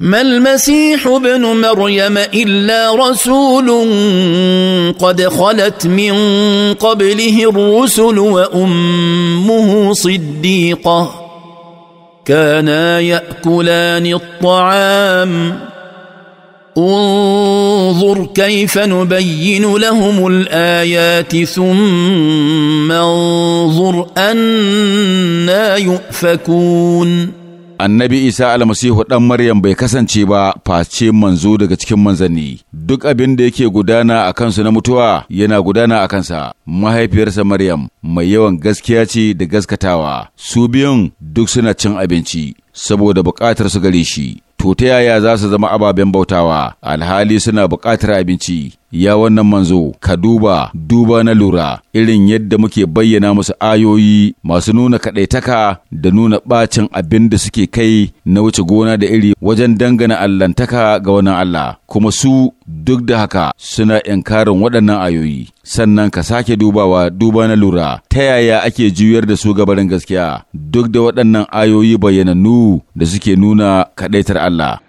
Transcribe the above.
ما المسيح ابن مريم الا رسول قد خلت من قبله الرسل وامه صديقه كانا ياكلان الطعام انظر كيف نبين لهم الايات ثم انظر انا يؤفكون annabi isa almasihu ɗan maryam bai kasance ba face manzo daga cikin manzanni duk abin da yake gudana a kansu na mutuwa yana gudana a kansa mahaifiyarsa maryam mai yawan gaskiya ce da gaskatawa su biyun duk suna cin abinci saboda buƙatar su gare shi to ta yaya za su zama ababen bautawa alhali suna buƙatar abinci ya wannan manzo ka duba duba na lura irin yadda muke bayyana musu ayoyi masu nuna kaɗaitaka da nuna ɓacin abin da suke kai na wuce gona da iri wajen dangana allantaka ga wannan Allah kuma su duk da haka suna inkarin waɗannan ayoyi sannan ka sake dubawa duba na lura ta yaya ake juyar da su gabarin gaskiya duk da waɗannan ayoyi bayyanannu da suke nuna kaɗaitar Allah